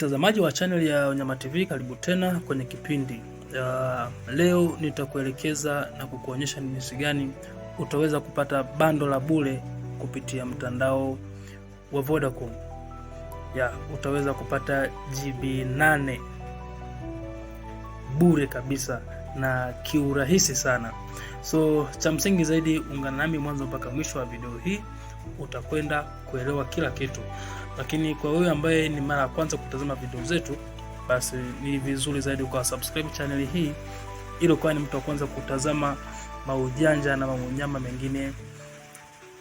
Mtazamaji wa channel ya wanyama TV, karibu tena kwenye kipindi. Uh, leo nitakuelekeza na kukuonyesha ni jinsi gani utaweza kupata bando la bure kupitia mtandao wa Vodacom. Ya, utaweza kupata GB 8 bure kabisa na kiurahisi sana. So cha msingi zaidi, ungana nami mwanzo mpaka mwisho wa video hii, utakwenda kuelewa kila kitu. Lakini kwa wewe ambaye ni mara ya kwanza kutazama video zetu, basi ni vizuri zaidi kwa subscribe channel hii ili kwa ni mtu wa kwanza kutazama maujanja na maunyama mengine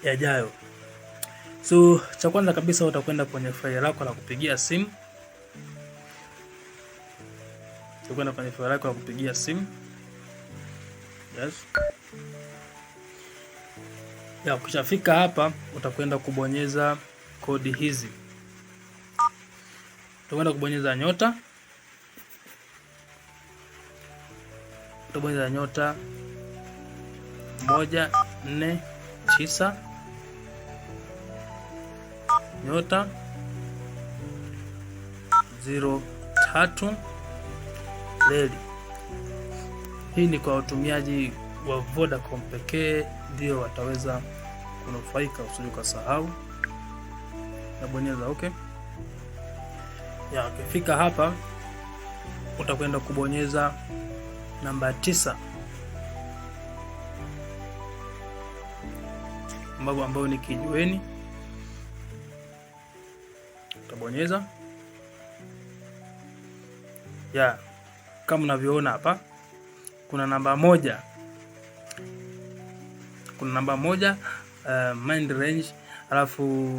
yajayo. So cha kwanza kabisa utakwenda kwenye faili lako la kupigia simu utakwenda kwenye faili yako ya kupigia simu yes. Ya, ukishafika hapa utakwenda kubonyeza kodi hizi, utakwenda kubonyeza nyota, utabonyeza nyota moja nne tisa nyota zero tatu reli. Hii ni kwa watumiaji wa Vodacom pekee ndio wataweza kunufaika. Usije ukasahau na bonyeza okay. Ya, ukifika hapa utakwenda kubonyeza namba tisa ambapo ambayo ni kijiweni, utabonyeza ya kama unavyoona hapa, kuna namba moja, kuna namba moja uh, mind range, alafu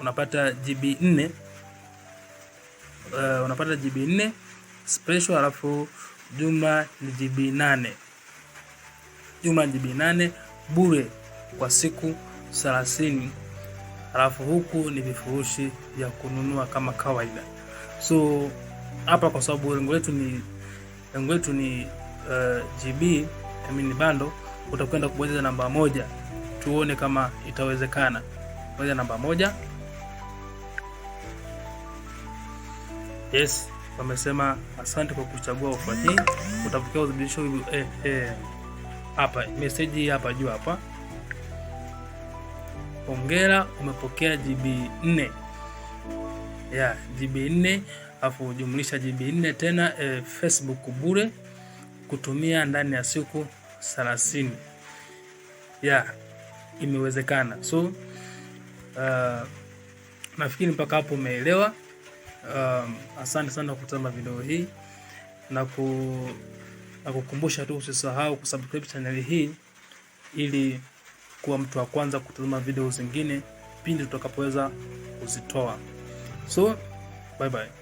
unapata GB 4 uh, eh, unapata GB 4 special, alafu jumla ni GB 8, jumla GB 8 bure kwa siku 30 alafu huku ni vifurushi vya kununua kama kawaida. So hapa kwa sababu lengo letu ni lengo letu ni uh, eh, GB I mean bando, utakwenda kubonyeza namba moja tuone kama itawezekana. Bonyeza namba moja. Yes, wamesema asante kwa kuchagua ofa hii, utapokea udhibitisho eh, eh, hapa message hii hapa juu hapa, hongera, umepokea GB 4 ya yeah, GB 4 afu jumlisha GB 4 tena e, Facebook bure kutumia ndani ya siku 30. Ya yeah, imewezekana. So uh, nafikiri mpaka hapo umeelewa. Um, asante sana kutazama video hii na ku na kukumbusha tu usisahau kusubscribe channel hii ili kuwa mtu wa kwanza kutazama video zingine pindi tutakapoweza kuzitoa. So bye bye.